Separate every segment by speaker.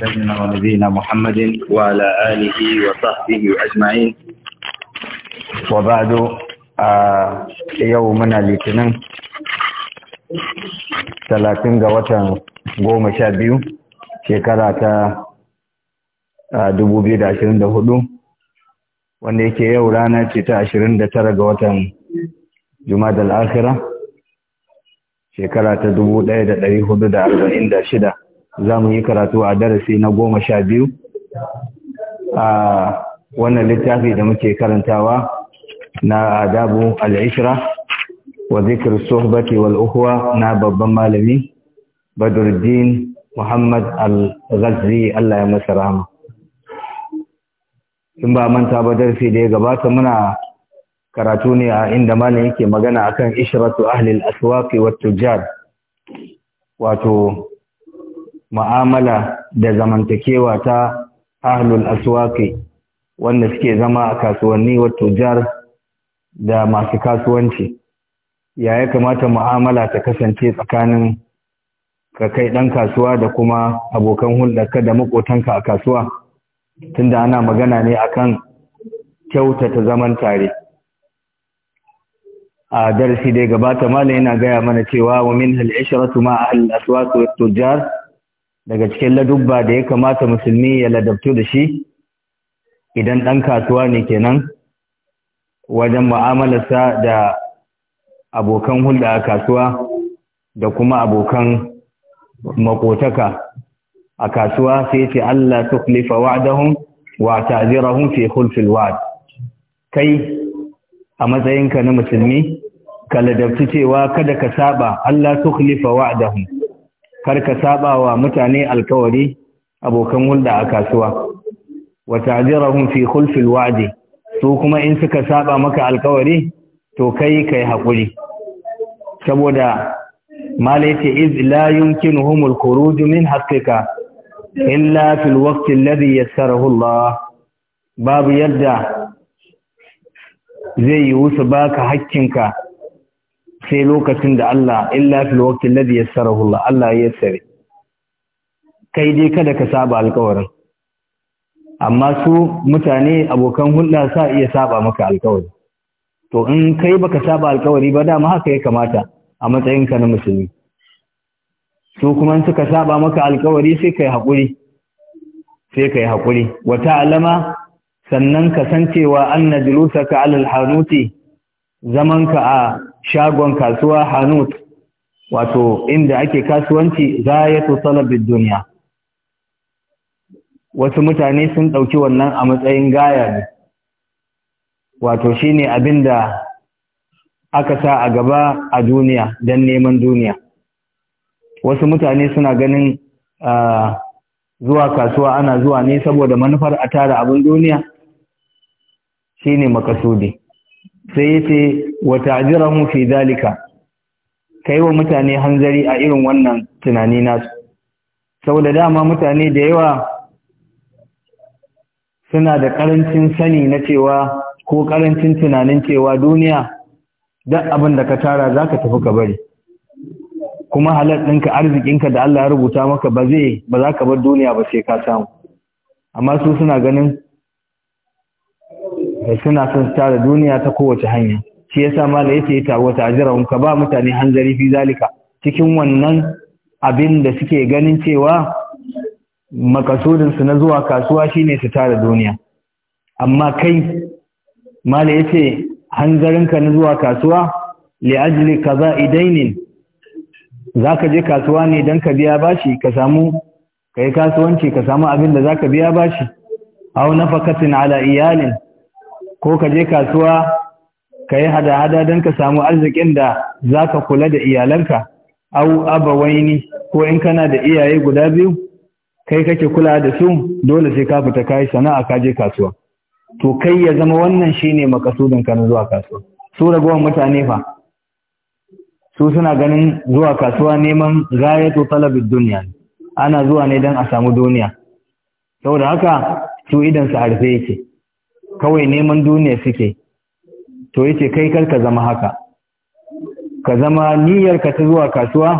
Speaker 1: سيدنا ونبينا محمد وعلى آله وصحبه أجمعين
Speaker 2: وبعد يومنا الاثنين 30 ga watan 12 shekara ta 2024 wanda yake yau rana ce ta 29 ga watan juma da al'akira shekara ta dubu ɗaya da ɗari hudu da arba'in da shida za mu yi karatu a darasi na goma sha biyu a wannan littafi da muke karantawa na adabu al'ishira wa zikir sohbati wal uhuwa na babban malami badurdin muhammad al ghazi allah ya masa rahama in ba manta ba darasi da ya gabata muna karatu ne a inda malam yake magana akan ishratu ahli al-aswaq wato jar wato ma'amala da zamantakewa ta ahlul aswaqi wanda suke zama a kasuwanni wato jar da masu kasuwanci ya ya kamata mu'amala ta kasance tsakanin ka kai dan kasuwa da kuma abokan hulɗarka da makotanka a kasuwa tunda ana magana ne akan kyautata zaman tare a darasi da gabata mala yana gaya mana cewa wa min hal ishratu ma al aswaq wa tujar daga cikin ladubba da ya kamata musulmi ya ladabtu da shi idan dan kasuwa ne kenan wajen sa da abokan hulɗa a kasuwa da kuma abokan makotaka a kasuwa sai ce Allah tuklifa wa'dahum wa ta'zirahum fi khulfil wa'd kai a matsayinka na musulmi ka ladabci cewa kada ka saba Allah tukhlifa wa'dahu kar ka saba wa mutane alkawari abokan hulɗa a kasuwa wa ta'dirahum fi khulfil wa'di su kuma in suka saba maka alkawari to kai kai hakuri saboda malai ce iz la yumkinuhum khuruj min haqqika illa fil waqti alladhi yassarahu Allah babu yadda zai yi wusu ba ka hakkinka sai lokacin da Allah illa lokacin da ya tsara hula Allah ya yassare kai dai kada ka saba alƙawarin amma su mutane abokan hulɗa sa iya saba maka alƙawari to in kai baka saba alkawari ba dama haka ya kamata a matsayinka na musulmi su kuma in suka saba maka alkawari sai kai haƙuri sai kai haƙuri wata alama sannan ka san cewa anna julusaka alal hanuti zamanka a shagon kasuwa hanut wato inda ake kasuwanci zayatu talabid dunya wasu mutane sun ɗauki wannan a matsayin gaya ne wato shine abinda aka sa a gaba a duniya don neman duniya wasu mutane suna ganin ah, zuwa kasuwa ana zuwa ne saboda manufar a tara abin duniya shine makasudi sai yace wa ta'zirahu fi ka kai wa mutane hanzari a irin wannan tunani nasu saboda dama mutane da yawa suna da karancin sani na cewa ko karancin tunanin cewa duniya duk abin da ka tara zaka tafi ka bari kuma halal ɗinka arzikinka da Allah ya rubuta maka ba zai ba za ka bar duniya ba sai ka samu amma su suna ganin Eh, suna son tara duniya ta kowace hanya shi yasa mala yace ta wata ka ba mutane hanzari fi zalika cikin wannan abin da suke ganin cewa makasudin su na zuwa kasuwa shine su tara duniya amma kai mala yace hanzarinka na zuwa kasuwa li ajli kaza idainin zaka je kasuwa ne dan ka biya bashi ka samu kai kasuwanci ka samu abin da zaka biya bashi aw nafaqatin ala iyalin ko ka je kasuwa ka yi hada-hada don ka samu arzikin da za ka kula da iyalanka au abawaini ko in kana da iyaye guda biyu kai kake kula da su dole sai ka fita kai sana'a ka je kasuwa to kai ya zama wannan shine makasudin ka na zuwa kasuwa su ragowar mutane fa su suna ganin zuwa kasuwa neman gayatu talabin duniya, ana zuwa ne don a samu duniya saboda haka su idan su harfe yake kawai neman duniya suke to yace kai kar ka zama haka ka zama niyyar ka ta zuwa kasuwa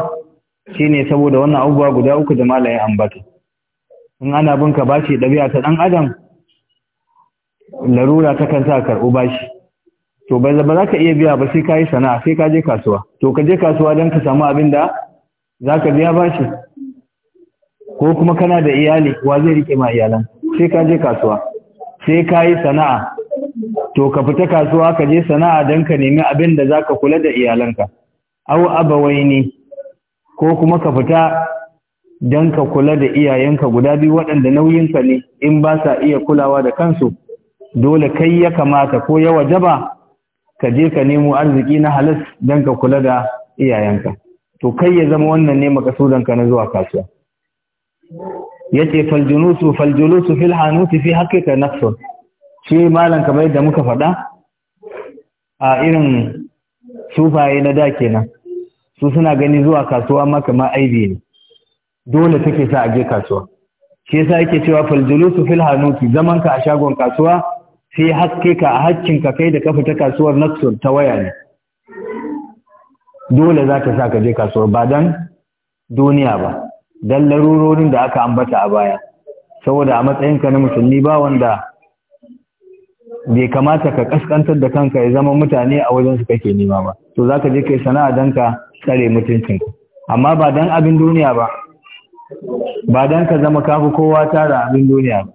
Speaker 2: shine saboda wannan abubuwa guda uku da malaye ambata in ana bin ka bashi dabi'a ta dan adam larura ta kanta sa karbo bashi to bai za ka iya biya ba sai ka yi sana'a sai ka je kasuwa to ka je kasuwa don ka samu abin da za biya bashi ko kuma kana da iyali wa zai rike ma iyalan sai ka je kasuwa sai ka yi sana'a to ka fita kasuwa ka je sana'a don ka nemi abin da za ka kula da iyalanka au abawai ne ko kuma ka fita don ka kula da iyayenka guda biyu waɗanda nauyinka ne in ba sa iya kulawa da kansu dole kai ya kamata ko ya wajaba ka je ka nemo arziki na halas don ka kula da iyayenka to kai ya zama wannan ne makasudanka na zuwa kasuwa yace faljulusu faljulusu fil hanuti fi haqiqa nafsun shi malam kamar yadda muka faɗa a irin sufaye na da kenan su suna gani zuwa kasuwa amma kamar aibi ne dole take sa a je kasuwa shi yasa yake cewa faljulusu fil hanuti zaman ka a shagon kasuwa fi haqiqa a ka kai da ka fita kasuwar nafsun ta waya ne dole za ta sa ka je kasuwar ba dan duniya ba Dan larurorin da aka ambata a baya saboda a matsayinka na musulmi ba wanda bai kamata ka kaskantar da kanka ya zama mutane a wajen su kake nema ba to zaka je kai sana'a don ka tsare mutuncin amma ba don abin duniya ba ba don ka zama kafi kowa tara abin duniya ba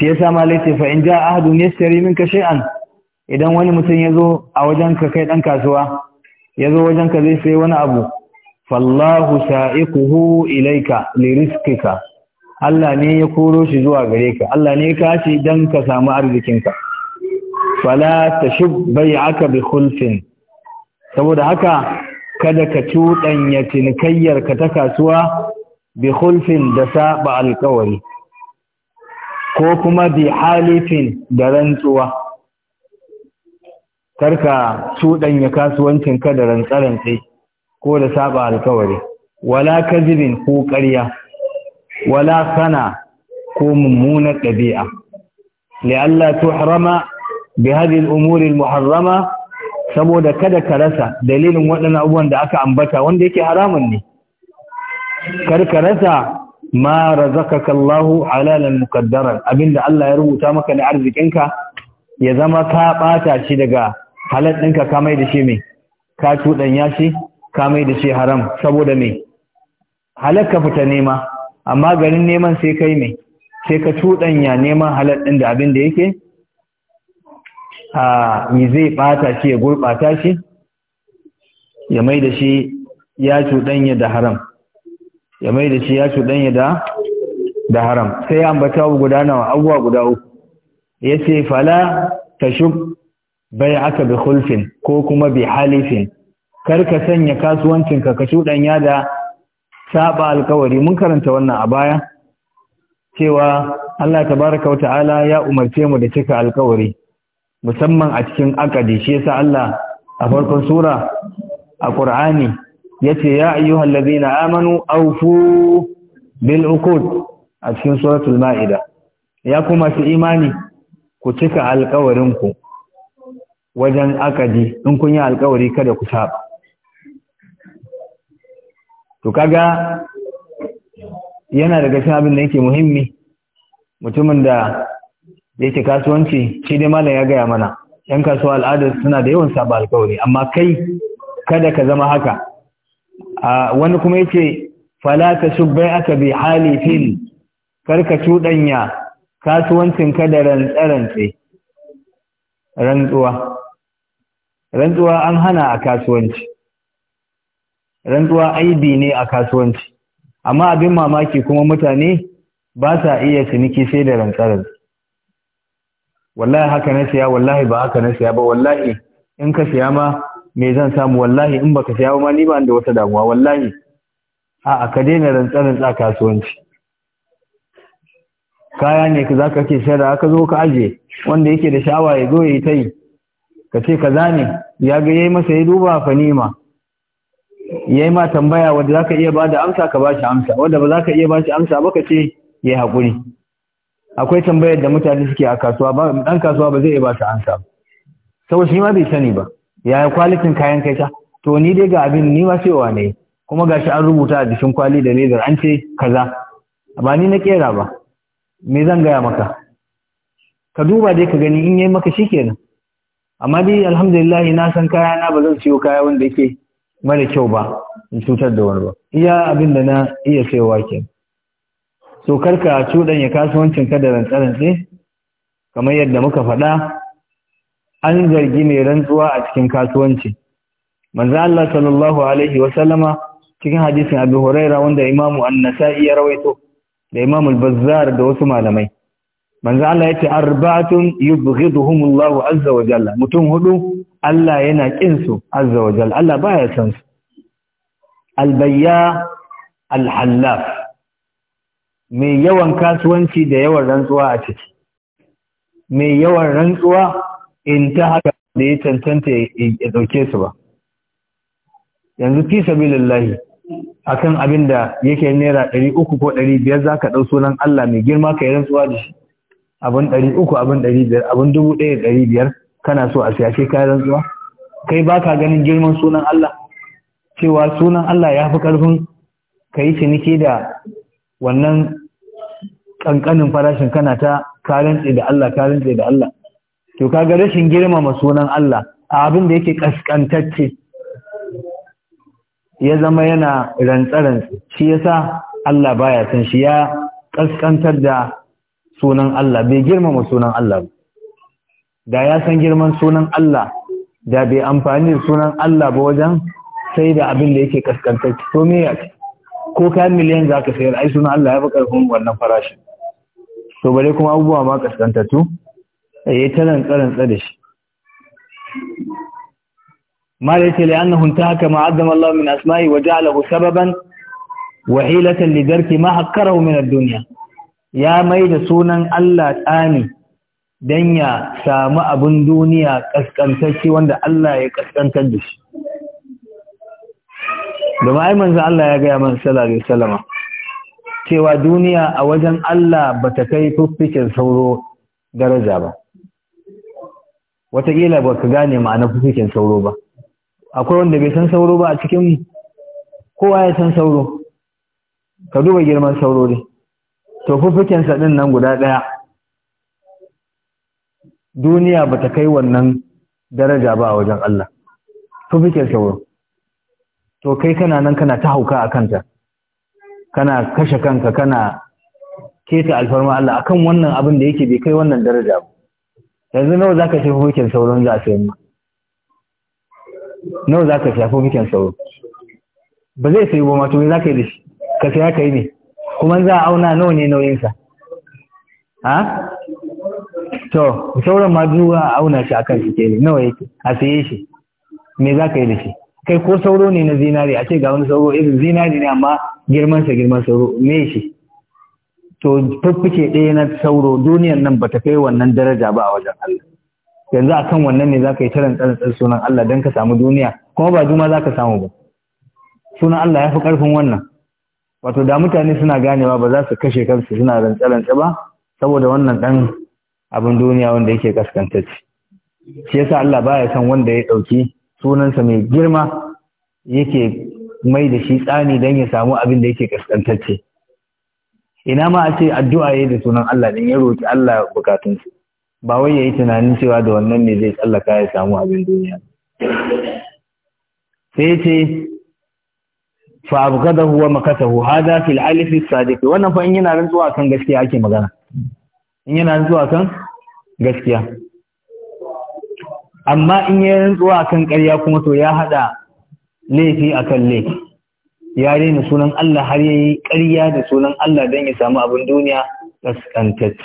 Speaker 2: shi yasa ma laice fa in ja ahadun yastari minka shay'an idan wani mutum ya zo a ka kai dan kasuwa ya zo ka zai sai wani abu fallahu sha'iquhu ilaika li Allah ne ya koro shi zuwa gare ka Allah ne ya shi dan ka samu arzikinka fala tashub bai'aka bi khulfin saboda haka kada ka cuɗanya cinikayyarka ka ta kasuwa bi khulfin da saba alƙawari ko kuma bi halifin da rantsuwa karka cuɗanya kasuwancin ka da rantsarantsi ko da saba alkawari wala kazibin ko ƙarya wala sana ko mummunar ɗabi'a li'alla tuhrama bi hadhihi al-umuri al-muharrama saboda kada ka rasa dalilin waɗannan abubuwan da aka ambata wanda yake haramun ne kar ka rasa ma razaqaka Allah halalan muqaddaran abinda Allah ya rubuta maka na arzikinka ya zama ka bata shi daga halal ɗinka ka mai da shi mai ka tuɗanya shi ka mai da shi haram saboda me ka fita nema amma garin neman sai kai me sai ka cuɗanya neman halal ɗin da abin da yake a zai ɓata shi ya gurɓata shi ya mai da shi ya cuɗanya da haram ya mai da shi ya cuɗanya da da haram sai ambata guda nawa abuwa guda uku yace fala tashub aka bi khulfin ko kuma bi halifin kar ka sanya kasuwancinka ka ya da saba alkawari mun karanta wannan a baya cewa Allah tabaraka wa ta'ala ya umarce mu da cika alkawari musamman a cikin akadi shi yasa Allah a farkon sura a Qur'ani yace ya ayyuhal ladina amanu awfu bil uqud a cikin suratul maida ya kuma su imani ku cika alkawarin ku wajen akadi in kun yi alkawari kada ku saba to kaga yana daga cikin abin da yake muhimmi mutumin da yake kasuwanci shi dai malam ya gaya mana yan kasuwa al'adar suna da yawan saba alkawari amma kai kada ka zama haka a wani kuma yake fala ta shubbai aka bi hali kar ka cuɗanya kasuwancin da rantsarantse rantsuwa rantsuwa an hana a kasuwanci rantsuwa aibi ne a kasuwanci amma abin mamaki kuma mutane ba sa iya ciniki sai da rantsarar wallahi haka na siya wallahi ba haka na siya ba wallahi in ka siya ma me zan samu wallahi in baka siya ma ni ba da wata damuwa wallahi a ka daina rantsarar a kasuwanci kaya ne ka zaka ke shara aka zo ka aje wanda yake da sha'awa ya zo ya yi ta yi ka ce kaza ne ya ga yayi masa ya duba fa nima yayi ma tambaya wanda ka iya ba da amsa ka ba shi amsa wanda ba za ka iya ba shi amsa ba ka ce ya yi hakuri akwai tambayar da mutane suke a kasuwa ba dan kasuwa ba zai iya ba shi amsa ba saboda shi ma bai sani ba yaya kwalitin kayan kai ta to ni dai ga abin ni ma cewa ne kuma gashi an rubuta a jikin kwali da ledar an ce kaza ba ni na kera ba me zan gaya maka ka duba dai ka gani in yayi maka shi kenan. amma dai alhamdulillah na san kaya na ba zan siyo kaya wanda yake mara kyau ba in cutar da wani ba iya abin da na iya saiwa ke so karka ya kasuwancin kada da rantsarantse kamar yadda muka faɗa an zargi mai rantsuwa a cikin kasuwanci manzo Allah sallallahu alaihi wa cikin hadisin Abu Huraira wanda Imam An-Nasa'i ya rawaito da Imam Al-Bazzar da wasu malamai manzo Allah yace arba'atun allahu azza wa jalla mutum hudu Allah yana kin su azza wa jalla Allah baya san su albayya alhallaf mai yawan kasuwanci da yawan rantsuwa a ciki mai yawan rantsuwa in ta haka da ya cancanta ya dauke su ba yanzu fi sabilillahi akan abin da yake naira 300 ko 500 zaka dau sunan Allah mai girma kai rantsuwa da shi abin ɗari uku abin ɗari biyar abin dubu ɗaya ɗari biyar kana so a siya sai kayan rantsuwa kai ba ka ganin girman sunan Allah cewa sunan Allah ya fi ƙarfin ka yi ciniki da wannan ƙanƙanin farashin kana ta karantse da Allah karantse da Allah to ka ga rashin girmama sunan Allah a abin da yake ƙasƙantacce ya zama yana rantsa shi shi yasa Allah baya san shi ya kaskantar da sunan Allah bai girmama sunan Allah da ya san girman sunan Allah da bai amfani da sunan Allah ba wajen sai da abin da yake kaskantacce to me ko kayan miliyan za ka sayar ai sunan Allah ya fi ƙarfin wannan farashin to bare kuma abubuwa ma kaskantattu eh, ya ta rantsarantsa da shi mala yace la annahu intahaka ma azzama Allah min asma'i wa ja'alahu sababan wa hilatan li darki ma hakkarahu min ad-dunya ya mai da sunan Allah tsani don ya samu abin duniya ƙasƙantacce wanda Allah ya ƙasƙantar da shi. Da ma'aimansa Allah ya gaya man salari salama, cewa duniya a wajen Allah ba ta kai fuffikin sauro daraja ba. Wataƙila ba ka gane ma'ana fuffikin sauro ba. Akwai wanda bai san sauro ba a cikin kowa ya san sauro, ka duba girman sauro ne. to fufukinsa ɗin nan guda ɗaya duniya ba ta kai wannan daraja ba a wajen Allah fufukinsa wurin to kai kana nan kana ta hauka a kanta kana kashe kanka kana keta alfarma Allah akan wannan abin da yake bai kai wannan daraja ba yanzu nawa zaka shafi hukin sauron za a sayi ma nawa zaka shafi hukin sauro ba zai sayi ba ma to me zaka yi da shi ka sai ka yi ne kuma za a auna nawa ne nauyinsa ha to sauran ma duk a auna shi akan shi ke nawa yake a saye shi me za ka yi da shi kai ko sauro ne na zinari a ce ga wani sauro irin zinari ne amma girman sa girman sauro me shi to fuffuke ɗaya na sauro duniyar nan ba ta kai wannan daraja ba a wajen Allah yanzu akan wannan ne za ka yi tarin tsarin sunan Allah don ka samu duniya kuma ba juma za ka samu ba sunan Allah ya fi ƙarfin wannan wato da mutane suna ganewa ba za su kashe kansu suna rantse-rantse ba saboda wannan dan abin duniya wanda yake kaskantacce shi yasa Allah baya son wanda ya ɗauki sunansa mai girma yake mai da shi tsani dan ya samu abin da yake kaskantacce ina ma a ce addu'a yayi da sunan Allah din ya roki Allah bukatunsa ba wai yayi tunanin cewa da wannan ne zai tsallaka ya samu abin duniya sai ce fa abghadahu wa makatahu hada fil alif sadiq wannan fa in yana rantsuwa kan gaskiya ake magana in yana rantsuwa kan gaskiya amma in yana rantsuwa kan ƙarya kuma to ya hada laifi akan laifi ya rena sunan Allah har yayi ƙarya da sunan Allah dan ya samu abin duniya kaskantacce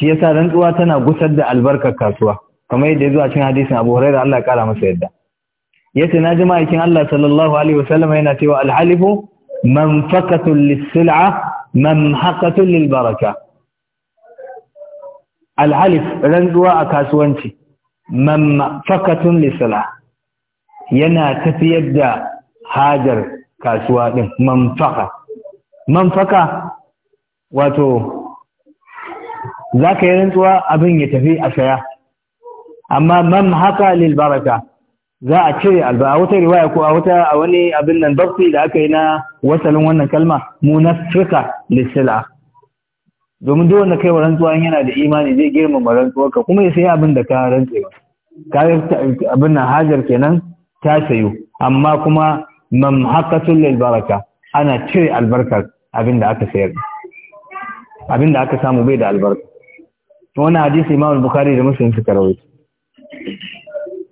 Speaker 2: shi yasa rantsuwa tana gusar da albarkar kasuwa kamar yadda ya zo a cikin hadisin Abu Hurairah Allah ya kara masa yadda yace na ji ma'aikin Allah sallallahu alaihi wasallam yana cewa alhalifu manfaqatul lis-sil'a mamhaqatul lil-baraka alhalif rantsuwa a kasuwanci manfaqatun lis-sil'a yana tafiyar da hajar kasuwa din manfaqa manfaqa wato zaka yi rantsuwa abin ya tafi a saya amma mamhaqa lil-baraka za a cire alba a wata riwaya ko a wata a wani abin nan dabti da aka yi na wasalin wannan kalma munafika lisila domin duk wanda kai wa rantsuwa yana da imani zai girmama ka kuma ya sayi abin da ka rantse ba yi abin nan hajar kenan ta sayo amma kuma mamhaqatul lil baraka ana cire albarkar abin da aka sayar abin da aka samu bai da albarka wannan hadisi Imam Bukhari da Muslim suka rawaito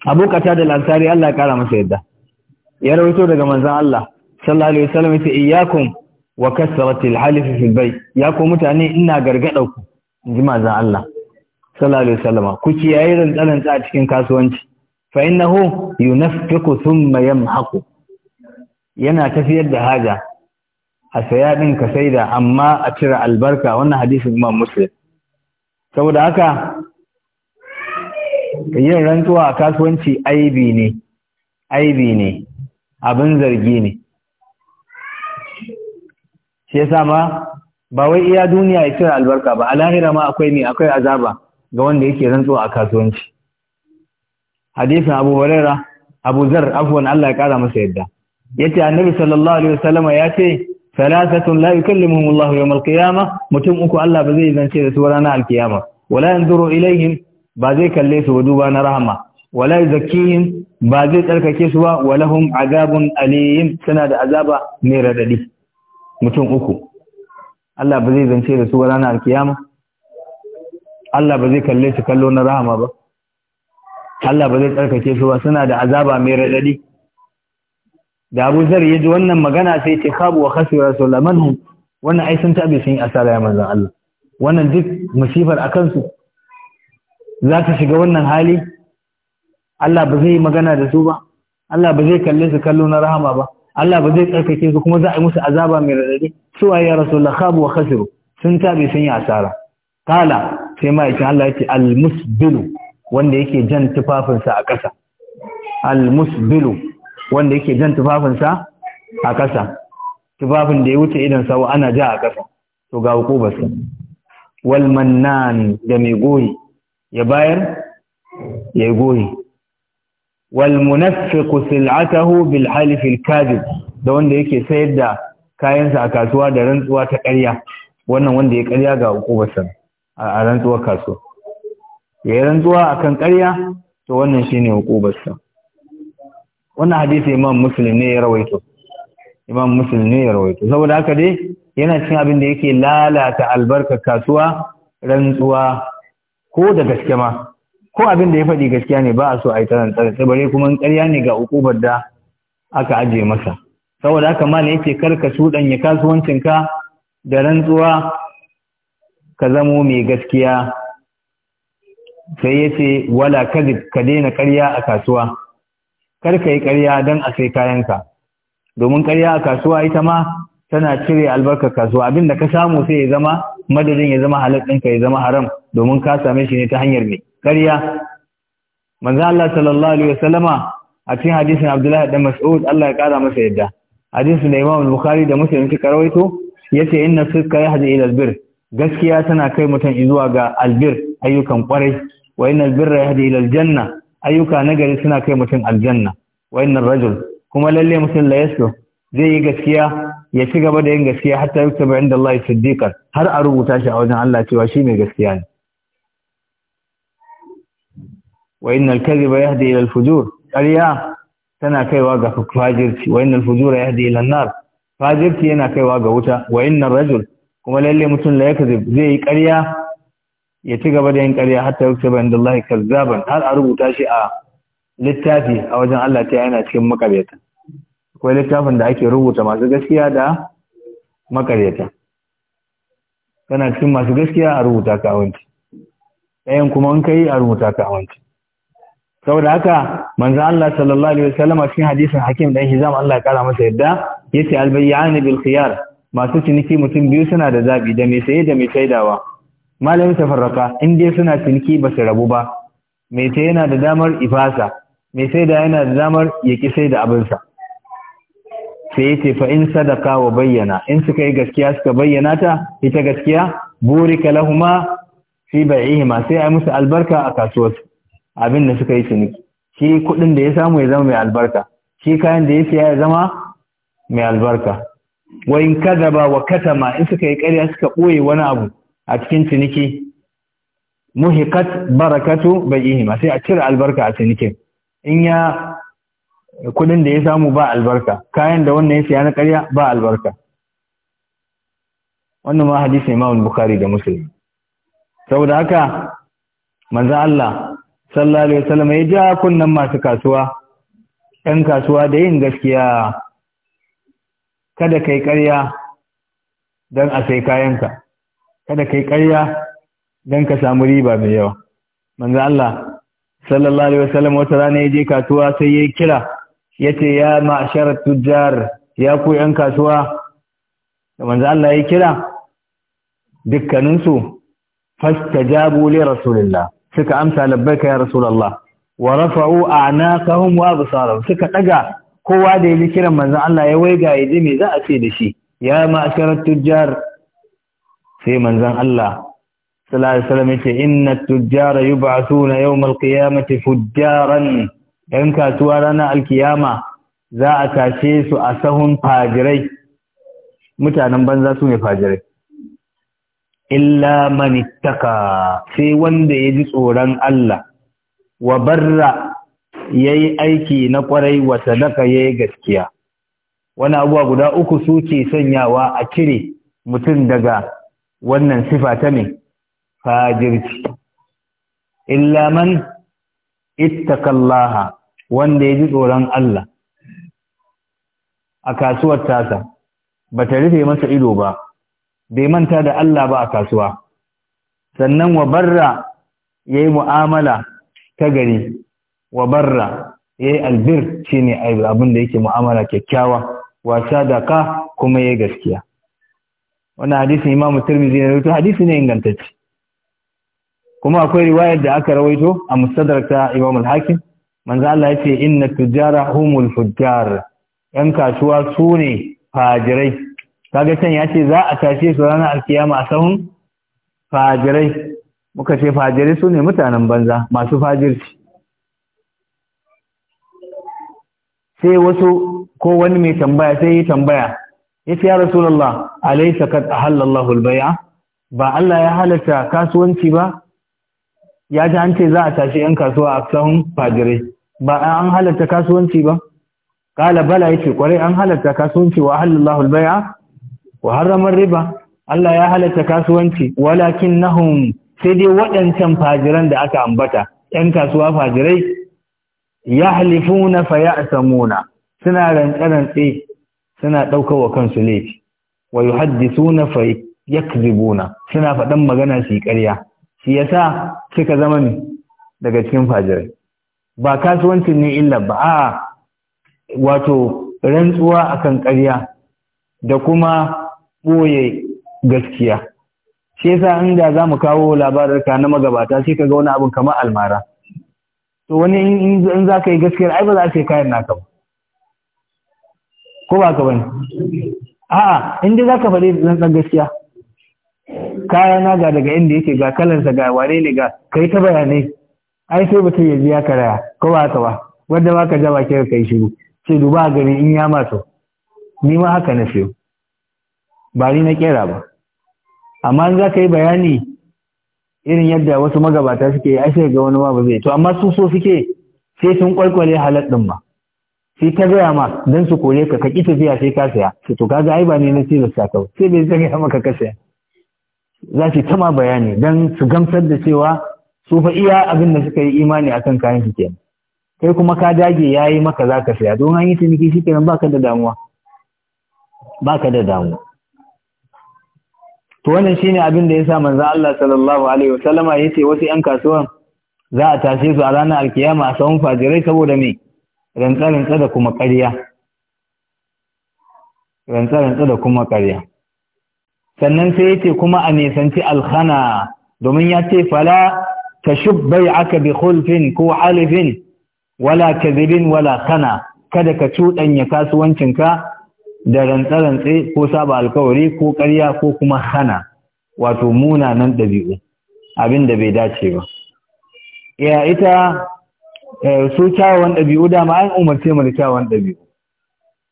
Speaker 2: abu kata da lansari Allah ya kara masa yadda ya rawaito daga manzan Allah sallallahu alaihi wasallam ce iyyakum wa kasratil halif fi bayt ya ku mutane ina gargada ku inji manzan Allah sallallahu alaihi wasallam ku kiyaye rantsarantsa a cikin kasuwanci fa innahu yunaffiqu thumma yamhaqu yana tafiyar da haja a saya din ka saida amma a cire albarka wannan hadisin Imam Muslim saboda haka yin rantsuwa a kasuwanci aibi ne aibi ne abin zargi ne shi yasa ma ba wai iya duniya ya cire albarka ba alahira ma akwai ne akwai azaba ga wanda yake rantsuwa a kasuwanci hadisin abu huraira abu zar afwan Allah ya kara masa yadda yace annabi sallallahu alaihi wasallama yace thalathatun la yukallimuhum Allah yawm al-qiyamah mutum uku Allah ba zai zance da su ranar al-qiyamah wala yanzuru ilaihim ba zai kalle su ba duba na rahama wala zakiyin ba zai tsarkake su ba walahum azabun aliyin suna da azaba mai radadi mutum uku Allah ba zai zance da su ranar alkiyama Allah ba zai kalle su kallo na rahama ba Allah ba zai tsarkake su ba suna da azaba mai radadi da Abu Zar ya ji wannan magana sai ce khabu wa khasira rasulullah manhum wannan ai sun tabi sun yi asara ya manzon Allah wannan duk musifar akan su za ta shiga wannan hali Allah ba zai yi magana da su ba Allah ba zai kalle su kallo na rahama ba Allah ba zai tsarkake su kuma za a yi musu azaba mai radadi suwa ya rasulullah khabu wa khasiru sun tabe sun yi asara kala sai ma yake Allah yake al-musbilu wanda yake jan tufafinsa a ƙasa al-musbilu wanda yake jan tufafinsa a ƙasa tufafin da ya wuce idan sawa ana ja a ƙasa to ga sa wal mannan da mai goyi ya bayar ya goyi wal munafiqu sil'atahu bil halif al da wanda yake sayar da kayansa a kasuwa da rantsuwa ta ƙarya wannan wanda ya ƙarya ga hukumarsa a rantsuwar kasuwa ya yi rantsuwa akan ƙarya to wannan shine hukumarsa wannan hadisi imam muslim ne ya rawaito imam muslim ne ya rawaito saboda haka dai yana cin abin da yake lalata albarkar kasuwa rantsuwa ko da gaske ma ko abin da ya faɗi gaskiya ne ba a so a yi tsaron tsare bare kuma in ƙarya ne ga ukubar da aka ajiye masa saboda haka ne yake karka suɗanya kasuwancinka da rantsuwa ka zamo mai gaskiya sai ya ce wala kadib ka daina ƙarya a kasuwa kar ka yi ƙarya don a sai kayanka domin ƙarya a kasuwa ita ma tana cire albarkar kasuwa abin da ka samu sai ya zama madadin ya zama halal ɗinka ya zama haram domin ka same shi ne ta hanyar mai ƙarya manzo Allah sallallahu alaihi wasallama a cikin hadisin Abdullahi dan Mas'ud Allah ya kara masa yadda hadisin da Imam Bukhari da Muslim suka rawaito yace inna sidqa yahdi ila albir gaskiya tana kai mutum zuwa ga albir ayyukan kwarai wa inna albir yahdi ila aljanna ayyuka nagari suna kai mutum aljanna wa inna rajul kuma lalle mutum la zai yi gaskiya ya ci gaba da yin gaskiya hatta bayan da Allah siddiqan har a rubuta shi a wajen Allah cewa shi mai gaskiya ne wa innal kadhiba yahdi ila al ƙarya tana kaiwa ga fajirci wa yin fujura yahdi ila an fajirci yana kaiwa ga wuta wa innal rajul kuma lalle mutum la zai yi ƙarya ya ci gaba da yin ƙarya hatta yuktaba inda Allah kazzaban har a rubuta shi a littafi a wajen Allah ta yana cikin makaryata akwai littafin da ake rubuta masu gaskiya da makaryata kana cikin masu gaskiya a rubuta ka awanci ɗayan kuma in kai a rubuta ka awanci saboda haka manzan Allah sallallahu alaihi wasallam cikin hadisin Hakim dan Hizam Allah ya kara masa yadda yace albayyan bil khiyar masu ciniki mutum biyu suna da zabi da mai saye da mai saidawa malamin tafarraka in dai suna ciniki ba su rabu ba mai saye yana da damar ifasa mai saida yana da damar ya ki da abinsa sai ce fa in sadaka wa bayyana in suka yi gaskiya suka bayyana ta ita gaskiya burika lahuma fi bai'ihima sai ai musu albarka a kasuwarsu abin da suka yi ciniki shi kuɗin da ya samu ya zama mai albarka shi kayan da ya siya ya zama mai albarka wa in kadaba wa katama in suka yi ƙarya suka ɓoye wani abu a cikin ciniki muhiqat barakatu bai'ihima sai a cire albarka a cinikin in ya kudin da ya samu ba albarka kayan da wannan ya siya na karya ba albarka wannan ma hadisi Imam Bukhari da Muslim saboda haka manzo Allah sallallahu alaihi wasallam ya ja kunnan masu kasuwa ɗan kasuwa da yin gaskiya kada kai karya don a sai kayanka kada kai karya don ka samu riba mai yawa manzo Allah sallallahu alaihi wasallam wata rana ya je kasuwa sai ya kira yace ya ma'ashar tujjar ya ku yan kasuwa da manzo Allah ya kira dukkanin su fastajabu li rasulillah suka amsa labbaika ya rasulullah wa rafa'u a'naqahum wa absarahum suka daga kowa da yaji kiran manzo Allah ya waiga ga me za a ce da shi ya ma'ashar tujjar sai manzo Allah sallallahu alaihi wasallam yace inna tujjara yub'athuna yawm alqiyamati fujjaran ‘yan kasuwa ranar alkiyama za a tashe su a sahun fajirai, mutanen banza su ne fajirai. Illa manittaka sai wanda ya ji tsoron Allah, wa barra ya yi aiki na kwarai wa sadaka ya yi gaskiya. Wani abuwa guda uku su ce sanyawa a cire mutum daga wannan sifa ta ne, fajirci. Illa man ittakallaha wanda ya ji tsoron Allah a kasuwar tasa ba ta rufe masa ido ba bai manta da Allah ba a kasuwa sannan wa barra ya yi mu'amala ta gari wa barra ya yi albir shi ne abin yake mu'amala kyakkyawa wasa da ka kuma ya gaskiya wani hadisin imamu turmizi na rutu hadisi ne ingantacci. kuma akwai riwayar da aka rawaito a mustadar imamul hakim manzo Allah yace inna tujara humul fujjar yan kasuwa su ne fajirai kaga can yace za a tashe su ranar alkiyama a sahun fajirai muka ce fajirai su ne mutanen banza masu fajirci sai wasu ko wani mai tambaya sai yi tambaya yace ya rasulullah alaysa kad ahallallahu albaya ba Allah ya halatta kasuwanci ba ya ji an ce za a tashi ‘yan kasuwa a sahun fajirai ba an halatta kasuwanci ba kala bala yake kwarai an halatta kasuwanci wa halallahu albay'a wa harrama riba Allah ya halatta kasuwanci walakinnahum sai dai waɗancan fajiran da aka ambata ‘yan kasuwa fajirai ya halifuna fa ya asamuna suna rance-rantse suna wa kansu laifi wa yi haddisuna fa suna faɗan magana su yi ƙarya shi ya sa suka zama daga cikin fajirai ba kasuwancin ne illa ba a wato rantsuwa akan ƙarya da kuma ɓoye gaskiya shi yasa inda za mu kawo labararka na magabata sai ka ga wani abin kamar almara to wani in za ka yi gaskiyar ai ba za a ce kayan naka ba ko ba ka bane a'a in dai za ka faɗi tsantsan gaskiya Kayana ga daga inda yake ga kalansa ga wane ne ga kai ta bayanai ai sai mutum ya ji ya karaya ko ba haka ba wanda ba ka ja baki ka yi shiru sai duba a gani in ya masu ni ma haka na sayo ba ni na kera ba amma in za ka yi bayani irin yadda wasu magabata suke yi ai ga wani ma ba zai to amma su so suke sai sun kwalkwale halar din ma sai ta gaya ma don su kore ka ka ki tafiya sai ka saya sai to kaga ai ba ni na tilasta ka sai bai zai gaya maka ka saya za su ta ma bayani don su gamsar da cewa su fa iya abin da suka yi imani akan kayan shi kenan kai kuma ka dage yayi maka zaka saya don an yi ciniki shi kenan baka da damuwa baka da damuwa to wannan shine abin da yasa manzo Allah sallallahu alaihi wasallama yace wasu yan kasuwan za a tashe su a ranar alkiyama a sawun fajirai saboda me rantsa da kuma ƙarya kuma ƙarya sannan sai yace kuma a nisanci alkhana domin ya ce fala tashub aka bi hulfin ko alifin wala kadhibin wala kana kada ka cuɗanya kasuwancinka da rantsarantse ko saba alkawari ko ƙarya ko kuma hana wato munanan ɗabi'u abin da bai dace ba ya ita su kyawawan ɗabi'u dama an umarce mu da kyawawan ɗabi'u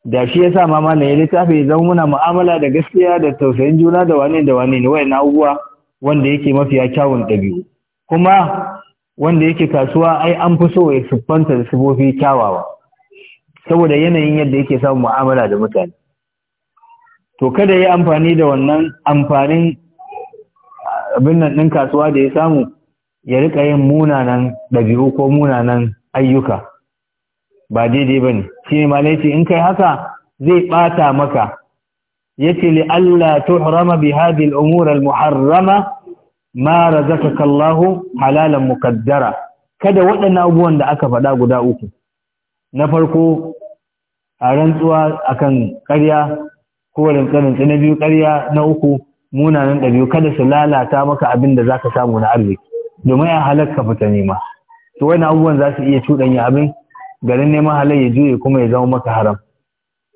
Speaker 2: da shi ya sa ma na yi littafi ya zama muna mu'amala da gaskiya da tausayin juna da wane da wane ne na abubuwa wanda yake mafiya kyawun ɗabi'u kuma wanda yake kasuwa ai an fi so ya siffanta da sifofi kyawawa saboda yanayin yadda yake samun mu'amala da mutane to kada ya yi amfani da wannan amfanin abin nan ɗin kasuwa da ya samu ya rika yin munanan ɗabi'u ko munanan ayyuka ba daidai ba ne shi ne ma in kai haka zai ɓata maka ya ce Allah tuhrama bi hadhihi al al-muharrama ma razaqaka Allahu halalan mukaddara kada waɗannan abubuwan da aka faɗa guda uku na farko a rantsuwa akan ƙarya ko rantsarin na biyu ƙarya na uku munanan ɗabi'u kada su lalata maka abin da zaka samu na arziki domin ya halakka fita nema to wannan abubuwan za su iya cuɗanya abin garin neman halai ya juye kuma ya zama maka haram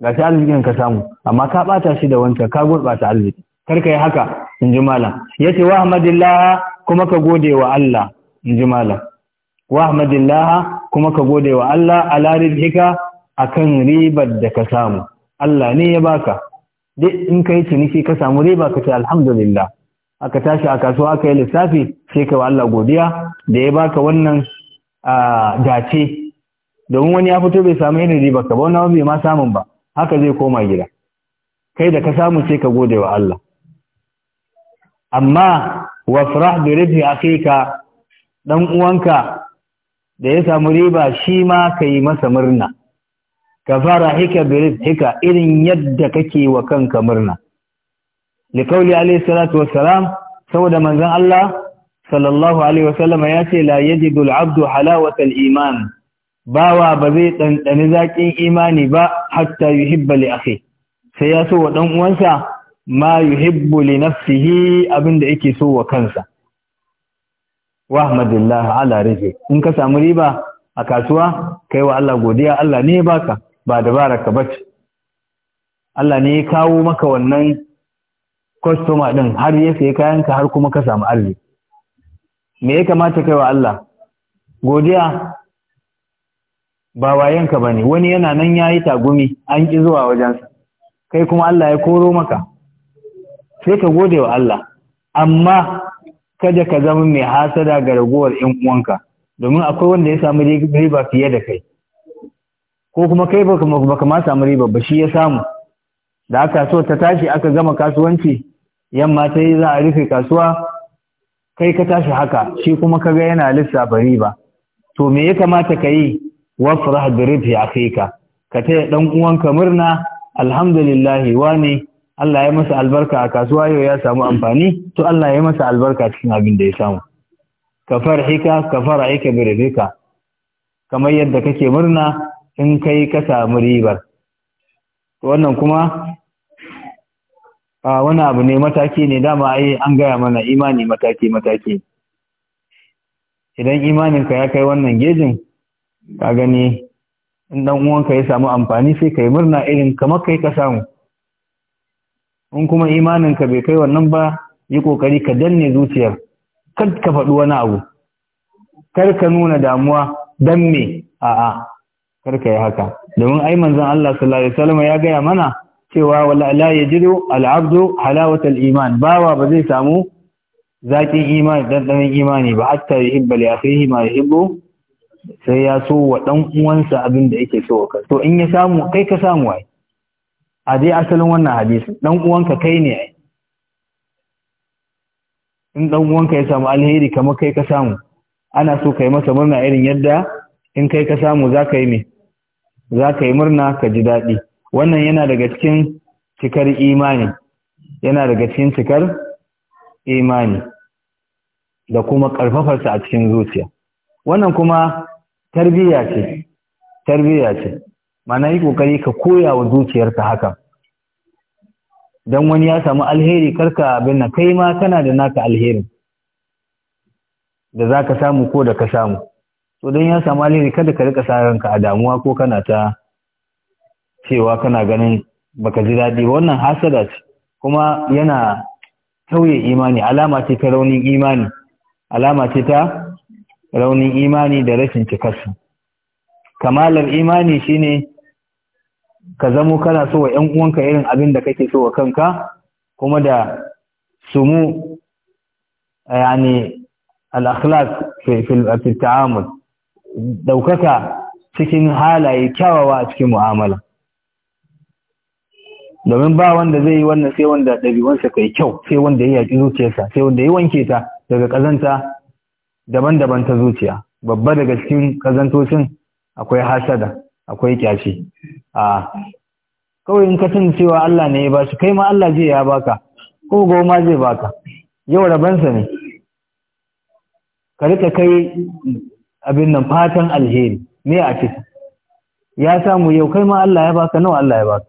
Speaker 2: ga shi arzikin ka samu amma ka ɓata shi da wancan ka gurɓata arziki kar ka yi haka in ji malam ya ce wa hamadillaha kuma ka gode wa Allah in ji malam wa hamadillaha kuma ka gode wa Allah a laribika a kan ribar da ka samu Allah ne ya baka duk in ka yi ciniki ka samu riba ka ce alhamdulillah aka tashi a kasuwa aka yi lissafi sai ka wa Allah godiya da ya baka wannan dace domin wani ya fito bai samu irin riba ka ba wani bai ma samun ba haka zai koma gida kai da ka samu sai ka gode wa Allah amma wafrah bi rifi akika dan uwanka da ya samu riba shi ma kai masa murna ka fara hika bi rifika irin yadda kake wa kanka murna kauli alayhi salatu wassalam saboda manzon Allah sallallahu alaihi wasallam ya ce la yajidu al-abdu halawata al-iman bawa ba zai dandani zakin imani ba hatta yuhibba li akhi sai ya so wa dan uwansa ma hibbuli li nafsihi abinda yake so wa kansa wa Ahmadullah ala in ka samu riba a kasuwa kai wa Allah godiya Allah ne baka ba dabaraka bace Allah ne ya kawo maka wannan kwastoma ɗin har ya sayi kayanka har kuma ka samu arziki me ya kamata kai wa Allah godiya ba wayenka ba ne wani yana nan ya yi tagumi an ƙi zuwa wajensa kai kuma Allah ya koro maka sai ka gode wa Allah amma kada ka zama mai hasada ga ragowar 'yan uwanka domin akwai wanda ya samu riba fiye da kai ko kuma kai baka ma samu riba ba shi ya samu da aka so ta tashi aka gama kasuwanci yamma ta yi za a rufe kasuwa kai ka tashi haka shi kuma ka ga yana lissafa riba to me ya kamata ka yi wafrah bi ribhi akhika ka taya dan uwanka murna alhamdulillah wani Allah ya masa albarka a kasuwa yau ya samu amfani to Allah ya masa albarka cikin abin da ya samu ka farhika ka fara'ika bi kamar yadda kake murna in kai ka samu ribar wannan kuma a wani abu ne mataki ne dama ai an gaya mana imani mataki mataki idan imaninka ya kai wannan gejin ka gani in dan uwanka ya samu amfani sai kai murna irin kamar kai ka samu in kuma imaninka bai kai wannan ba yi kokari ka danne zuciyar kar ka faɗi wani abu kar ka nuna damuwa dan me a'a kar ka yi haka domin ai manzon Allah sallallahu alaihi wasallam ya gaya mana cewa wala la yajidu al-abdu halawata al-iman bawa ba zai samu zakin imani dan imani ba hatta yuhibba li akhihi ma yuhibbu sai ya so wa dan uwansa abin da yake so to in ya samu kai ka samu wai a dai asalin wannan hadisi dan uwanka kai ne in dan uwanka ya samu alheri kamar kai ka samu ana so kai masa murna irin yadda in kai ka samu za ka yi ne za ka yi murna ka ji daɗi wannan yana daga cikin cikar imani yana daga cikin cikar imani da kuma sa a cikin zuciya wannan kuma tarbiyya ce tarbiyya ce mana yi ƙoƙari ka koya wa zuciyarka haka Don wani ya samu alheri karka abin na kai ma kana da naka alherin da za ka samu ko da ka samu to don ya samu alheri kada ka rika sa ranka a damuwa ko kana ta cewa kana ganin baka ji daɗi wannan hasada ce kuma yana tauye imani alama ce ta raunin imani alama ce ta raunin imani da rashin cikarsa kamalar imani shine ka zamo kana so wa ‘yan uwanka irin abin da kake so wa kanka kuma da sumu yani al'akhlaq fil ta'amul ɗaukaka cikin halaye kyawawa a cikin mu'amala domin ba wanda zai yi wannan sai wanda ɗabi'unsa kai kyau sai wanda ya yaƙi zuciyarsa sai wanda ya wanke ta daga ƙazanta daban-daban ta zuciya babba daga cikin ƙazantocin akwai hasada akwai kyashi a kawai in ka cewa Allah ne ya ba shi kai ma Allah zai ya baka ko goma zai baka yau rabansa ne ka rika kai abin nan fatan alheri me a ciki ya samu yau kai ma Allah ya baka nawa Allah ya baka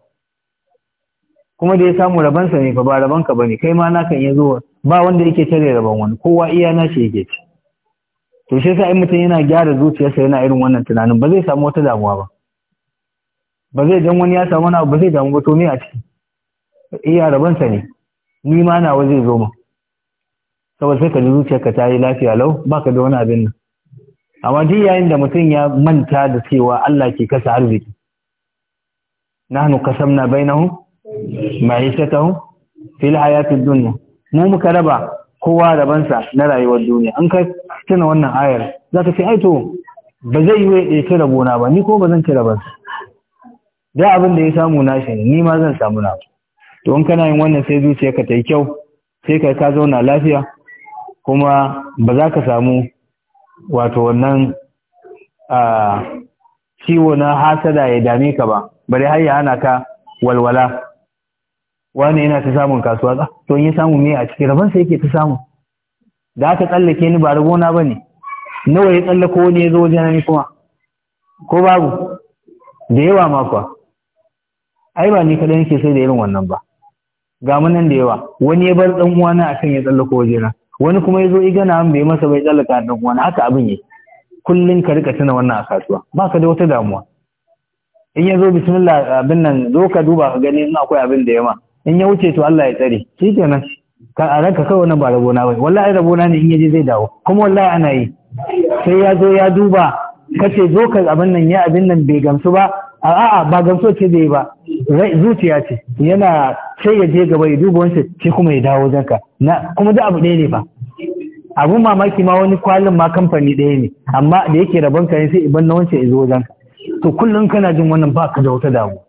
Speaker 2: kuma da ya samu rabansa ne fa ba rabanka bane kai ma nakan iya zo ba wanda yake tare raban wani kowa iya shi yake ci to shi yasa in mutum yana gyara zuciyarsa yana irin wannan tunanin ba zai samu wata damuwa ba ba zai dan wani ya samu na ba zai damu ba to me a ciki iya eh, rabansa ne ni ma na wa zai zo ma saboda sai ka ji zuciyarka ta yi lafiya lau Ba ka da wani abin nan amma duk yayin da mutum ya manta da cewa Allah ke kasa arziki nahnu qasamna bainahum ma'ishatahum fil hayatid dunya mu muka raba kowa rabansa na rayuwar duniya an ka tuna wannan ayar zaka ce ai to ba zai yi wai ɗaya rabona ba ni ko ba zan ci rabansa da abin da ya samu nashi ne ni ma zan samu na to in kana yin wannan sai zuciyarka ta yi kyau sai ka ka zauna lafiya kuma ba za ka samu wato wannan ciwo na hasada ya dame ka ba Bari har ya hana ka walwala wani yana ta samun kasuwa ah, to in samu me a cikin rabon yake ta samu da aka tsallake ni ba ragona ba ne nawa ya tsallako wani ya zo wajen ni kuma ko babu da yawa makwa ai ba ni kaɗai nake sai da irin wannan ba ga mun nan da yawa wani ya bar ɗan uwana akan ya tsallaka wajena wani kuma ya zo ya gana bai masa bai tsallaka ɗan uwana haka abin yi kullum ka rika tuna wannan a kasuwa ba ka da wata damuwa in ya zo bismillah abin nan zo ka duba ka gani ina akwai abin da yawa in ya wuce to Allah ya tsare shi kenan ka a ranka kawai wannan ba rabona ba wallahi rabona ne in ya je zai dawo kuma wallahi ana yi sai ya zo ya duba kace zo ka abin nan ya abin nan bai gamsu ba a'a ba gamsu ce zai ba zuciya ce yana sai ya je gaba ya duba wancan sai kuma ya dawo wajenka na kuma da abu ɗaya ne ba abun mamaki ma wani kwalin ma kamfani ɗaya ne amma da yake rabon ka ne sai iban na wancan ya zo wajenka to kullum kana jin wannan ba ka da wata damu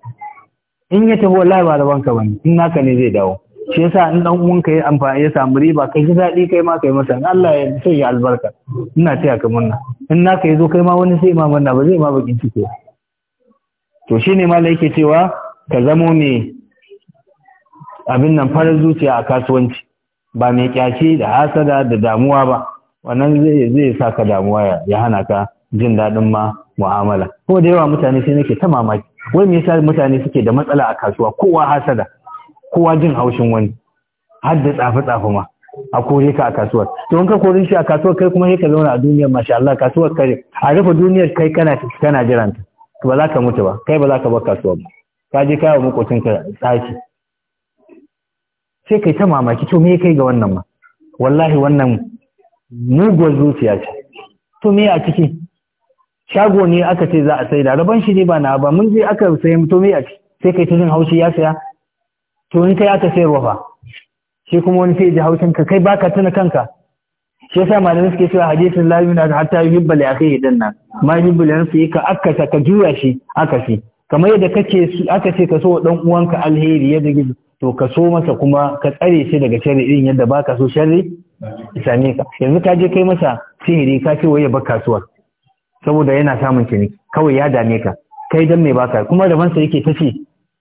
Speaker 2: in ya tafi wallahi ba rabon ka bane in naka ne zai dawo shi yasa in dan uwanka ya amfani ya samu riba kai ji daɗi kai ma kai masa Allah ya sai ya albarka ina taya ka murna in naka ya zo kai ma wani sai ma murna ba zai ma bakin ciki to shine malai yake cewa ka zamo mai abin nan farin zuciya a kasuwanci ba mai kyashi da hasada da damuwa ba wannan zai zai sa ka damuwa ya hana ka jin daɗin ma mu'amala ko da yawa mutane sai nake ta mamaki wai me yasa mutane suke da matsala a kasuwa kowa hasada kowa jin haushin wani har da tsafe tsafe ma a kore ka a kasuwar to in ka kore shi a kasuwar kai kuma sai ka zauna a duniyar masha Allah kasuwar kare a rufe duniyar kai kana kana jiranta ba za ka mutu ba kai ba za ka bar kasuwar ba ka je kawo makocinka tsaki sai kai ta mamaki to me kai ga wannan ma wallahi wannan muguwar zuciya ce to me a ciki shago ne aka ce za a saida rabon shi ne ba na ba mun je aka sayi to me a ciki sai kai ta jin haushi ya saya to in kai aka sayarwa fa shi kuma wani sai ji haushin ka kai baka tuna kanka shi yasa malamin suke cewa hadisin lahi na hatta ya kai idan na. ma yubbal ya nafsihi ka akka ka juya shi akasi kamar yadda kake aka ce ka so dan uwanka alheri ya dage to ka so masa kuma ka tsare shi daga sharri irin yadda baka so sharri same ka yanzu ka je kai masa sihiri ka ce waye ba kasuwar saboda yana samun ne kawai ya dame ka kai dan me baka kuma da sa yake tafi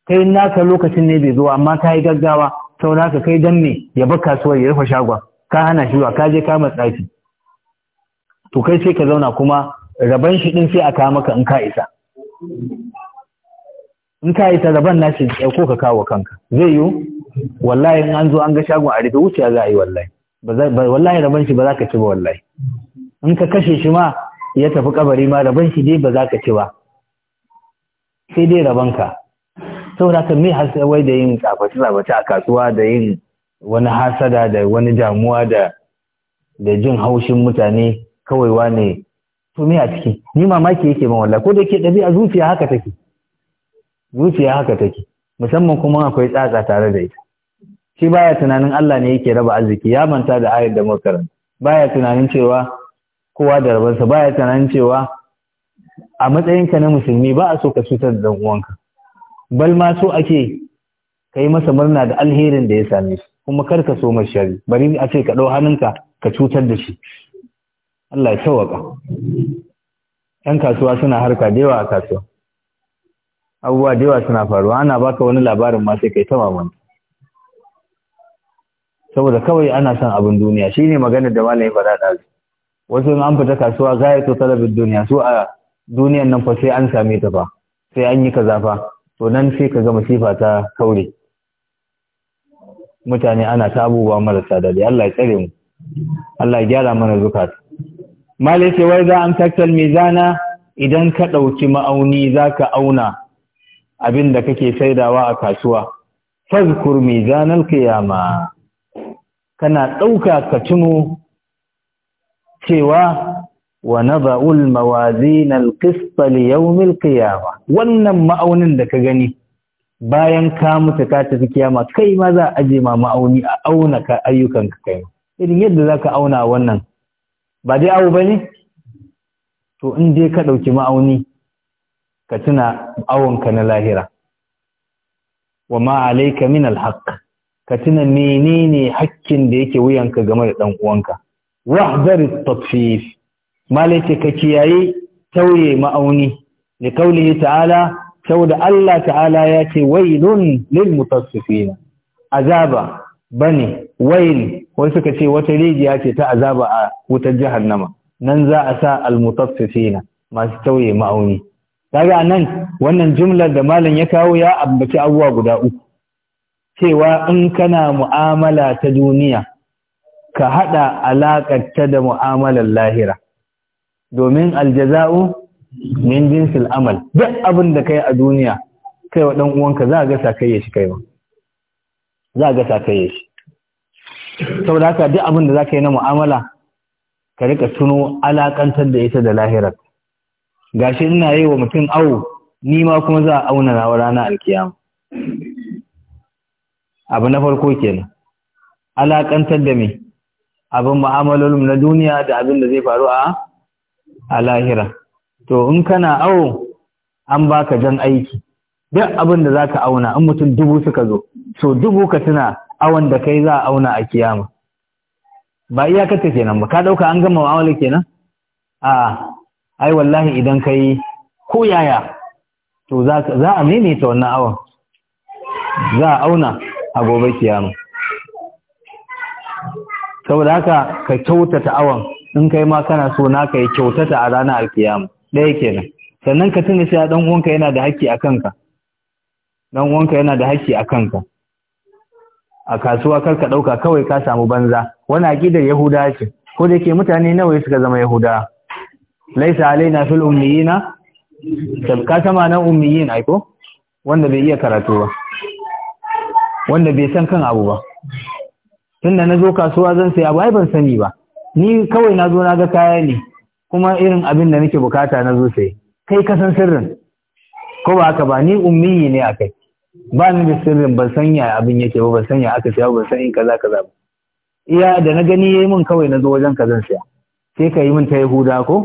Speaker 2: kai naka lokacin ne bai zo amma ka yi gaggawa saboda naka, kai dan me ya bar kasuwar ya rufe shagon ka hana shi ka je ka shi to kai sai ka zauna kuma raban shi din sai a kawo maka in ka isa in ka yi ta na nashi ɗauko ka kawo kanka zai yiwu wallahi in an zo an ga shagon a rufe wuciya za a yi wallahi wallahi raban shi ba za ka ci ba wallahi in ka kashe shi ma ya tafi kabari ma raban shi dai ba za ka ci ba sai dai raban ka saboda ka mai wai da yin tsafaci tsafaci a kasuwa da yin wani hasada da wani damuwa da da jin haushin mutane kawai wane to me a ciki ni mamaki yake ma wallahi ko da yake ɗabi'a zuciya haka take zuciya haka take musamman kuma akwai tsatsa tare da ita shi baya tunanin Allah ne yake raba arziki ya manta da ayar da muka baya tunanin cewa kowa da rabansa baya tunanin cewa a matsayinka na musulmi ba a so ka cutar da uwanka bal ma so ake ka masa murna da alherin da ya same shi kuma kar ka so mai shari bari a ce ka ɗau hannunka ka cutar da shi Allah ya tawaka ‘yan kasuwa suna harka da yawa a kasuwa abubuwa da yawa suna faruwa ana baka wani labarin ma sai kai ta mamaki saboda kawai ana son abin duniya shine magana da malami da ɗazu wasu in an fita kasuwa gaya to talabin duniya su a duniyan nan fa sai an same ta fa sai an yi kaza fa to nan sai ka ga masifa ta kaure mutane ana ta abubuwa marasa daɗi Allah ya tsare mu Allah ya gyara mana zukata malai ce wai za an taktal mizana idan ka ɗauki ma'auni za ka auna abin da kake saidawa a kasuwa fazkur mizanal qiyama kana dauka ka tuno cewa wa nada'ul mawazin alqist li alqiyama wannan ma'aunin da ka gani bayan ka mutu ka tafi kiyama kai ma za a ma ma'auni a auna ka ayyukan ka kai irin yadda zaka auna wannan ba dai abu bane to in dai ka ɗauki ma'auni ka tuna awonka na lahira wa ma alayka min alhaq ka tuna menene hakkin da yake wuyanka game da ɗan uwanka wahdari tatfif malaka ka kiyaye tauye ma'auni li qawlihi ta'ala saboda Allah ta'ala ya ce wailun lil mutaffifin azaba bane wail wai suka ce wata rijiya ce ta azaba a wutar jahannama nan za a sa al mutaffifin masu tauye ma'auni kaga nan wannan jumlar da malam ya kawo ya ambaci abubuwa guda uku cewa in kana mu'amala ta duniya ka hada alaƙarta da mu'amalar lahira domin aljaza'u min jinsil amal duk abin da kai a duniya kai wa dan uwanka za ga sakayye shi kai ba za ga sakayye shi saboda haka duk abin da za ka yi na mu'amala ka rika tuno alakantar da ita da lahirar gashi ina yi wa mutum awo ni ma kuma za a auna nawa rana alkiyama abu na farko kenan alakantar da me abin mu'amalolin na duniya da abin da zai faru a a lahira to in kana awo an baka jan aiki duk abin da zaka auna in mutum dubu suka zo so dubu ka tuna awon da kai za a auna a kiyama ba iyakar ta kenan ba ka dauka an gama ma'amala kenan a ai wallahi idan ka yi ko yaya to za a maimaita wannan awon za a auna a gobe kiyama saboda haka ka kyautata awon in kai ma kana so na ka yi kyautata a ranar alkiyama ɗaya kenan sannan ka tuna cewa dan uwanka yana da haƙƙi a kanka uwanka yana da haƙƙi a kanka a kasuwa kar ka ɗauka kawai ka samu banza wani aƙidar yahuda ce ko da ke mutane nawa ya suka zama yahudawa laisa alaina fil ummiyina ka sama nan ummiyin aiko wanda bai iya karatu ba wanda bai san kan abu ba tunda na zo kasuwa zan sai abu ai ban sani ba ni kawai na zo na ga kaya ne kuma irin abin da nake bukata na zo sai kai ka san sirrin ko ba haka ba ni ummiyi ne akai ba ni da sirrin ban san ya abin yake ba ban san ya aka siya ban san in kaza kaza ba iya da na gani yayi min kawai na zo wajen ka zan siya sai ka yi min ta Yahuda ko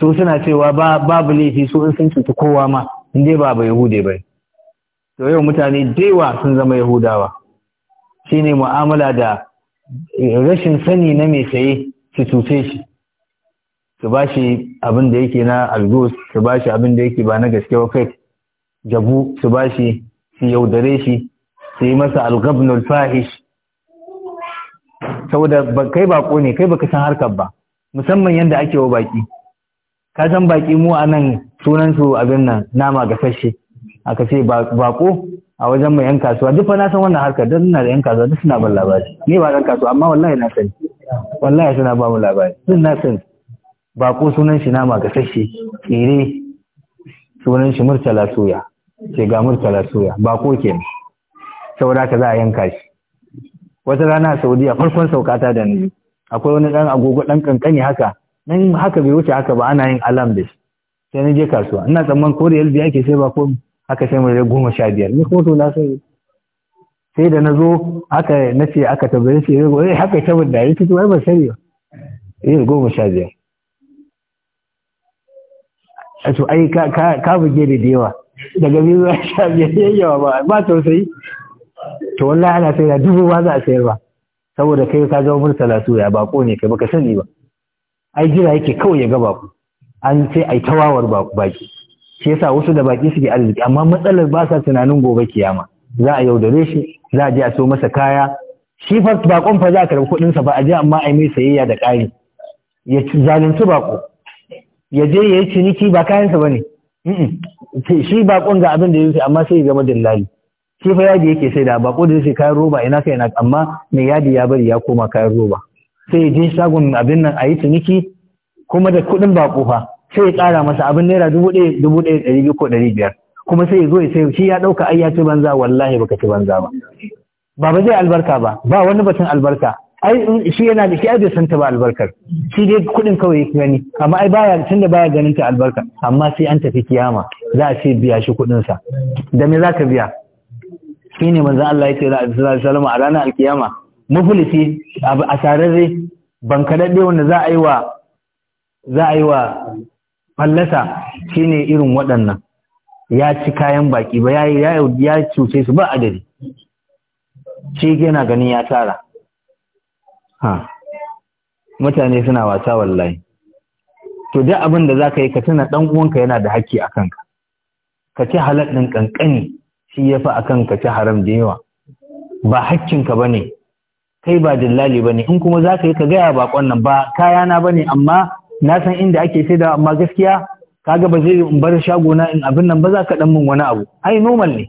Speaker 2: su suna cewa babu laifi su in sun cuta kowa ma in dai ba yahude bai to yau mutane daiwa sun zama yahudawa Shi ne mu'amala da rashin sani na mai saye su cuce shi su ba shi abin da yake na algos su ba shi abin da yake ba na gaske wa fake jabu su ba shi su yaudare shi su yi masa algabnul fahish saboda kai bako ne kai baka san harkar ba musamman yadda ake wa baki ka san baki mu a nan sunan su abin nan nama ga fashe aka ce bako a wajen mai yan kasuwa duk fa na san wannan harkar dan ina da yan kasuwa duk suna ban labari ni ba dan kasuwa amma wallahi na sani wallahi suna ba mu labari duk na sani bako sunan shi nama ga fashe tsere sunan shi murtala suya ce ga murtala suya bako kenan saboda ka za a yanka shi wata rana Saudiya farkon saukata da ni akwai wani dan agogo dan kankani haka nan haka bai wuce haka ba ana yin alam da shi sai na je kasuwa ina tsamman ko da yalda yake sai ba ko haka sai mu da goma sha biyar ni hoto to na sai sai da na zo haka na ce aka tabbaye shi ya eh, goye haka ta da ya fito wai ba sai ba yin goma sha biyar a to ai ka ka ka buge da dewa daga biyu zuwa sha biyar yawa ba ba tausayi to wallahi ana sai da dubu ba za a sayar ba saboda kai ka zama murtala suya bako ne kai baka sani ba ai jira yake kawai ya ga baku an sai ai tawawar baku baki shi yasa wasu da baki suke arziki amma matsalar ba sa tunanin gobe kiyama za a yaudare shi za a je a so masa kaya shi fa bakon fa za a karbi kuɗinsa ba a je amma a mai sayayya da ƙari ya zalunci bako ya je ya yi ciniki ba kayansa ba ne shi bakon ga abin da ya amma sai ya zama dillali shi fa yadi yake sai da bako da zai kayan roba ina kai ina amma mai yadi ya bari ya koma kayan roba sai ya je shagon abin nan a yi ciniki kuma da kuɗin ba fa sai ya ƙara masa abin naira dubu ɗaya dubu ɗaya ɗari biyu ko ɗari biyar kuma sai ya zo ya sai shi ya ɗauka ai ya ci banza wallahi baka ci banza ba ba ba zai albarka ba ba wani batun albarka ai shi yana da shi ai bai san ba albarkar shi dai kuɗin kawai yake gani amma ai baya tunda baya ganin ta albarka amma sai an tafi kiyama za a ce biya shi kuɗin sa da me zaka biya shine manzon Allah yake sallallahu alaihi wasallam a ranar alkiyama mufulisi abu asararre bankadadde wanda za a yi wa za a yi wa fallasa shine irin waɗannan ya ci kayan baki ba ya ya cuce su ba a adadi shi yana ganin ya tara ha mutane suna wasa wallahi to duk abin da za ka yi ka tuna dan uwanka yana da haƙƙi a kanka ka ci halal ɗin ƙanƙani shi fi akan ka ci haram da yawa ba haƙƙinka ne. kai ba dillali bane in kuma za ka yi ka gaya bakon nan ba kaya na bane amma na san inda ake saida amma gaskiya kaga ba zai in bar shago na in abin nan ba za ka dan min wani abu ai normal ne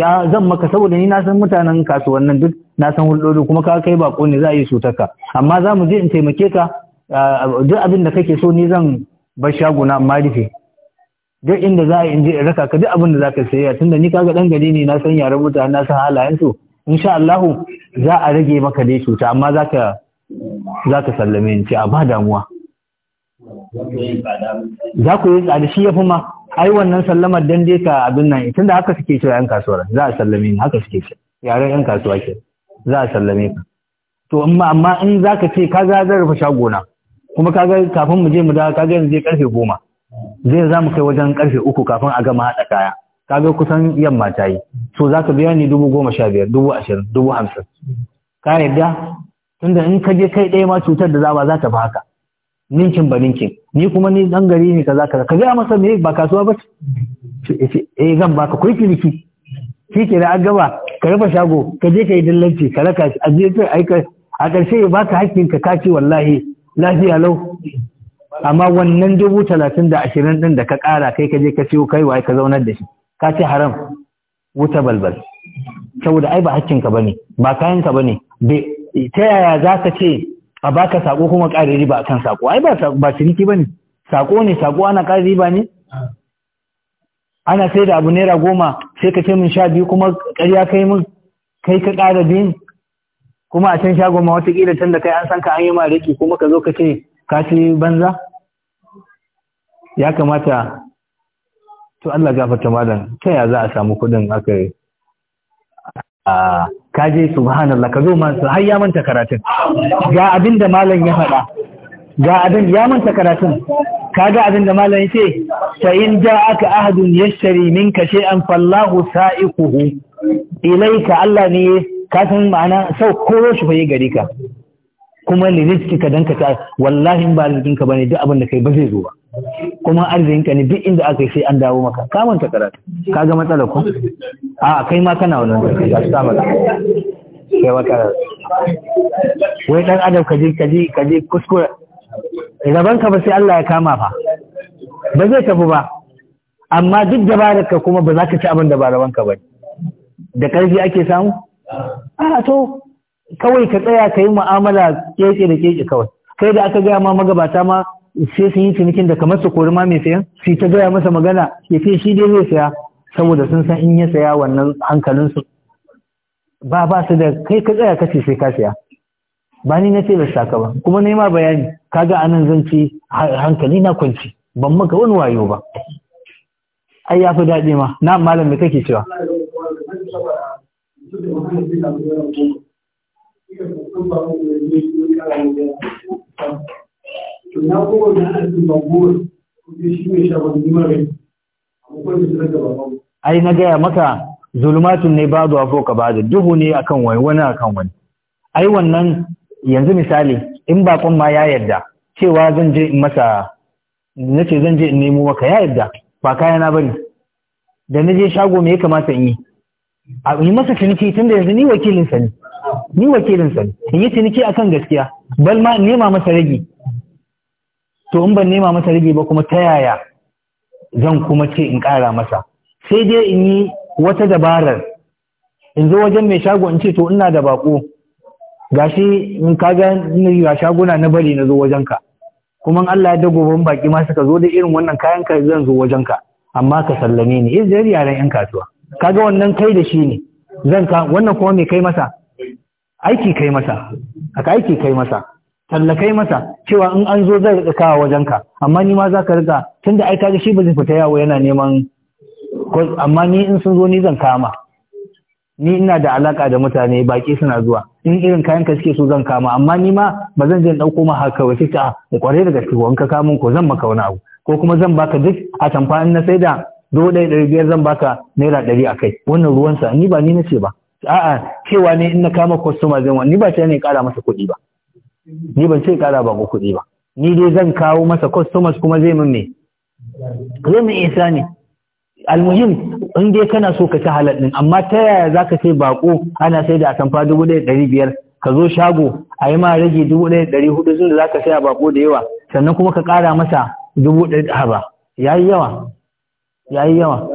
Speaker 2: ta zan maka saboda ni na san mutanen nan duk na san hulɗoɗi kuma ka kai bako ne za a yi sutarka amma za mu je in taimake ka duk abin da kake so ni zan bar shago na amma rufe duk inda za a in je in raka ka duk abin da za ka saya tunda ni kaga dan gari ne na san yaren mutane na san halayen su sha Allahu za a rage maka dai cuta amma za ka sallame ni ce a ba damuwa za ku yi tsada shi ya fi ma ai wannan sallamar don dai ka abin nan tun da haka suke cewa yan kasuwar za a sallame ni haka suke cewa yaren yan kasuwa ke za a sallame ka to amma amma in za ka ce ka ga zan rufe shagona kuma ga kafin mu je mu da ga yanzu zai karfe goma zai za mu kai wajen karfe uku kafin a gama haɗa kaya Ka ga kusan yamma ta yi to za ka biya ni dubu goma sha biyar dubu ashirin dubu hamsin ka yarda tunda in ka je kai ɗaya ma cutar da za ba za ta fi haka ninkin ba ninkin ni kuma ni ɗan gari ne kaza kaza ka gaya masa me ba kasuwa ba eh zan baka kai ciniki shike da an gaba ka rufe shago ka je ka yi dillanci ka raka shi a je ka aika a ƙarshe ya baka hakkin ka kace wallahi lafiya lau amma wannan dubu talatin da ashirin ɗin da ka ƙara kai ka je ka siyo kai wa ka zaunar da shi ka ce haram wuta balbal saboda ai ba hakkinka ba ne ba kayanka ba ne ta yaya za ka ce a baka sako kuma ƙari riba akan sako ai ba ciniki ba ne sako ne sako ana ƙari riba ne ana sai da abu naira goma sai ka ce min sha biyu kuma ƙarya kai min kai ka ƙara biyun kuma a can sha goma watakila can da kai an san ka an yi ma riki kuma ka zo ka ce ka ci banza ya kamata to Allah gafarta malam ta ya za a samu kuɗin aka yi a kaje subhanallah ka zo masu har ya manta karatun ga abin da malam ya faɗa ga abin ya manta karatun ga abin da malam ya ce. ta in aka ahadun ka ce an fallahu sa'iquhu Ilaika Allah ne ka san ma'ana sau ko shi fa gari ka kuma lirizkika dan ka ta wallahi ba ka bane duk abin da kai ba zai zo ba kuma arzikinka ne duk inda aka yi sai an dawo maka ka manta karatu ka ga matsalar ku a kai ma kana wannan da ta mala
Speaker 1: kai wata wai dan adam
Speaker 2: kaje kaje kaje kuskure gaban ka ba sai Allah ya kama fa ba zai tafi ba amma duk dabararka kuma ba za ka ci abin da ba rabanka ba da ƙarfi ake samu a to kawai ka tsaya ka yi mu'amala keke da keke kawai kai da aka gaya ma magabata ma sai sun yi cinikin da kamar su kori ma mai sayan su ta gaya masa magana ya ce shi dai zai saya saboda sun san in ya saya wannan hankalinsu ba ba su da kai ka tsaya ka ce sai ka saya ba ni na ce da saka ba kuma na yi ma bayani kaga anan zan ce hankali na kwanci ban maka wani wayo ba ai ya fi daɗi ma na malam me kake
Speaker 1: cewa na na shi mai da gaba
Speaker 2: ai na gaya maka zulmatun ne bazu a foka da duhu ne akan wani wani akan wani ai wannan yanzu misali in bakon ma ya yarda cewa zan je in masa na ce zan je in nemo maka ya yarda ba kaya na bari da na je shago me ya kamata in yi a yi masa ciniki tunda yanzu ni wakilinsa ne ni wakilin ne in yi ciniki akan gaskiya bal ma nema masa rage to in ban nema masa rage ba kuma ta yaya zan kuma ce in ƙara masa sai dai in yi wata dabarar in zo wajen mai shago in ce to ina da bako gashi in kaga ni ga shaguna na bari na zo wajenka kuma in Allah ya dago ban baki ma suka zo da irin wannan kayan ka zan zo wajenka amma ka sallame ni eh yaran yan kasuwa kaga wannan kai da shi ne zan ka wannan kuma mai kai masa aiki kai masa aka aiki kai masa tallakai masa cewa in an zo zai rika kawo wajenka amma ni ma za ka rika tunda ai kaga shi ba zai fita yawo yana neman amma ni in sun zo ni zan kama ni ina da alaka da mutane baki suna zuwa in irin kayan ka suke so zan kama amma ni ma ba zan je in dauko ma haka wace ta ah, ku kware da gaske ko in ka kama ko zan maka wani abu ko kuma zan baka duk a tamfa in na saida do ɗaya biyar zan baka naira ɗari a kai wannan ruwansa ni ba ni na ce ba a'a cewa ne in na kama kwastoma zai wani ni ba sai ne kara masa kuɗi ba ni ban sai kara ba kuɗi ba ni dai zan kawo masa customers kuma zai min me zai min isa ne almuhim in dai kana so ka ci halal din amma ta yaya zaka sai bako ana sai da atamfa dubu ɗaya ɗari biyar ka zo shago a yi ma rage dubu ɗaya ɗari hudu sun da zaka saya bako da yawa sannan kuma ka ƙara masa dubu ɗaya ɗaya ba. ya yi yawa ya yi yawa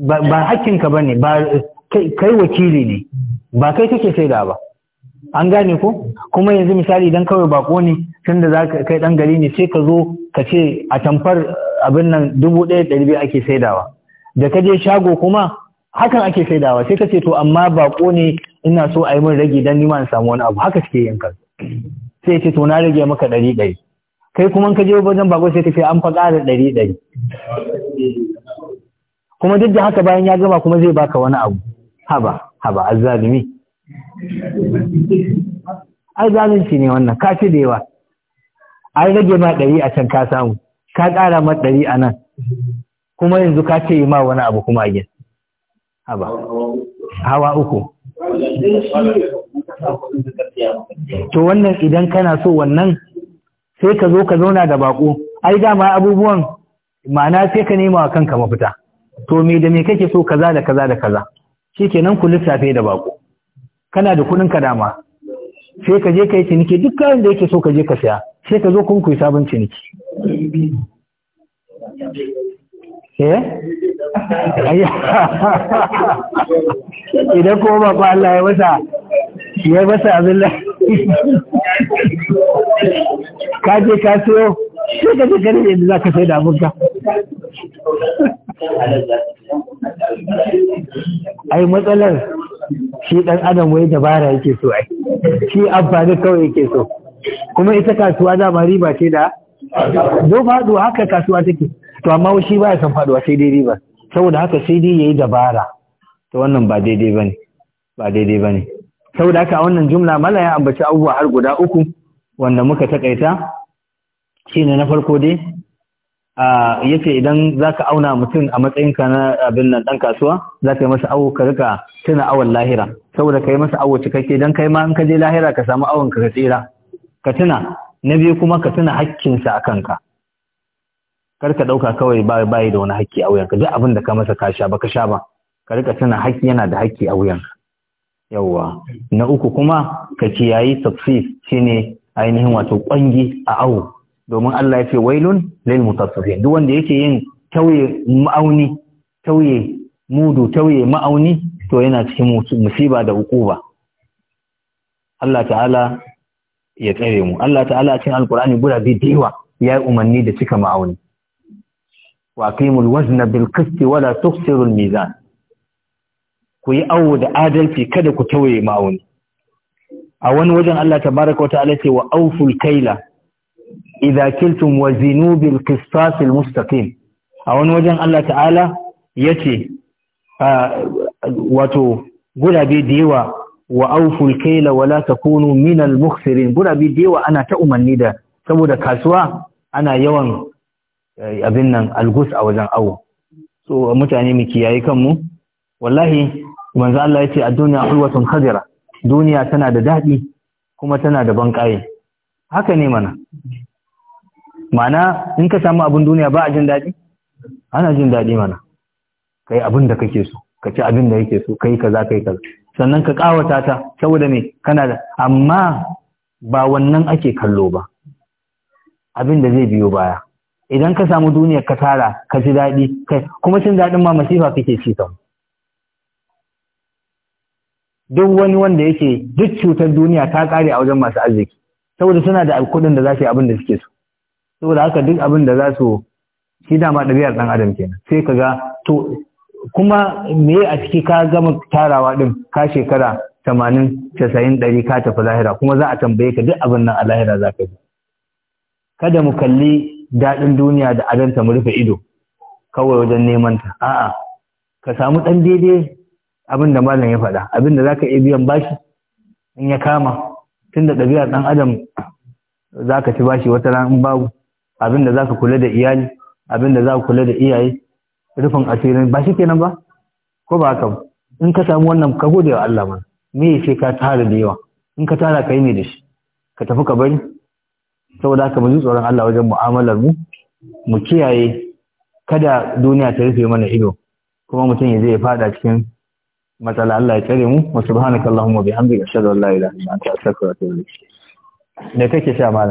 Speaker 2: ba hakkinka ba ne ba kai wakili ne ba kai kake saida ba an gane ko kuma yanzu misali idan kawai bako ne tunda zaka kai dan gari ne sai ka zo ka ce a tamfar abin nan dubu ɗaya ɗari biyu ake saidawa da ka je shago kuma hakan ake saidawa sai ka ce to amma bako ne ina so a yi min rage dan nima in samu wani abu haka suke yin ka sai ce to na rage maka ɗari ɗari kai kuma ka je wajen bako sai ka ce an fa ƙara ɗari ɗari kuma duk da haka bayan ya gama kuma zai baka wani abu haba haba azzalimi ai zalunci ne wannan ka ci da yawa ai rage ma ɗari a can ka samu ka ƙara ma ɗari a nan kuma yanzu ka ce ma wani abu kuma a haba hawa uku
Speaker 1: to wannan idan kana so
Speaker 2: wannan sai ka zo ka zauna da bako ai dama abubuwan ma'ana sai ka nema wa kanka mafita to me da me kake so kaza da kaza da kaza shi kenan ku lissafe da bako kana da kuɗin ka dama sai ka je ka yi ciniki duk kayan da yake so ka je ka saya sai ka zo kun ku yi sabon ciniki
Speaker 1: eh? idan ko ba ku Allah ya wasa ya wasa abin ka je ka siyo sai ka je ganin yadda za ka sai da ai matsalar shi ɗan
Speaker 2: adam wai dabara yake so ai
Speaker 1: shi amfani
Speaker 2: kawai yake so kuma ita kasuwa dama riba ce da don faɗuwa haka kasuwa take to amma shi ba ya san faɗuwa sai dai riba saboda haka sai dai yayi dabara to wannan ba daidai bane ba daidai bane saboda haka a wannan jumla mala ya ambaci abubuwa har guda uku wanda muka takaita shine na farko dai yake idan za ka auna mutum a matsayinka na abin nan ɗan kasuwa za zaka yi masa awo ka rika tuna awon lahira saboda ka yi masa awo cikakke dan kai ma in ka je lahira ka samu awon ka tsira ka tuna na biyu kuma ka tuna hakkinsa a kanka kar ka ɗauka kawai ba bayi da wani hakki a wuyanka duk abin da ka masa ka sha ba ka sha ba ka rika tuna hakki yana da hakki a wuyanka yawwa na uku kuma ka kiyayi tafsir shine ainihin wato kwangi a awo domin Allah ya ce wailun lil mutaffifin duk wanda yake yin tauye ma'auni tauye mudu tauye ma'auni to yana cikin musiba da hukuba Allah ta'ala ya tsare mu Allah ta'ala a cikin alkur'ani gurabe da yawa ya yi umarni da cika ma'auni wa qimul wazna bil qisti wala tuksiru al mizan ku yi awo da adalci kada ku tauye ma'auni a wani wajen Allah tabaraka wa ta'ala ce wa auful kaila idza kiltum wazinu bil qistas al mustaqim a wani wajen Allah ta'ala yace wato gurabe da yawa wa kayla wa la takunu min al mukhsirin gurabe da yawa ana ta umanni da saboda kasuwa ana yawan eh, abin nan algus a wajen awo so mutane mu kiyaye kanmu wallahi manzo Allah yace ad-dunya hulwatun khadira duniya tana da dadi kuma tana da banƙaye haka ne mana mana in ka samu abin duniya ba a jin daɗi ana jin daɗi mana kai abin da kake so ka ci abin da yake so kai kaza kai kaza sannan ka kawata ta saboda me kana da amma ba wannan ake kallo ba abin da zai biyo baya idan ka samu duniya ka tara ka ji daɗi kai kuma cin daɗin ma masifa kake ci kan duk wani wanda yake duk cutar duniya ta ƙare a wajen masu arziki saboda suna da kuɗin da za su yi abin da suke so saboda haka duk abin da za su shi dama ɗabi'ar ɗan adam kenan sai ka ga to kuma me a ciki ka gama tarawa ɗin ka shekara tamanin casa'in ɗari ka tafi lahira kuma za a tambaye ka duk abin nan a lahira za ka yi kada mu kalli daɗin duniya da adanta mu rufe ido kawai wajen neman ta a'a ka samu ɗan daidai abin da malam ya faɗa abin da za ka iya biyan bashi in ya kama tunda ɗabi'ar ɗan adam za ka ci bashi wata ran babu abin da za ka kula da iyali abin da za ka kula da iyaye rufin asirin ba shi kenan ba ko ba haka in ka samu wannan ka gode wa Allah ma me yake ka tara da yawa in ka tara kai yi ne da shi ka tafi ka bari saboda haka mu ji tsoron Allah wajen mu'amalar mu mu kiyaye kada duniya ta rufe mana ido kuma mutum ya zai fada cikin matsala Allah ya tare mu wa subhanakallahumma bihamdika ashhadu an la ilaha illa anta astaghfiruka wa atubu ilayk me kake sha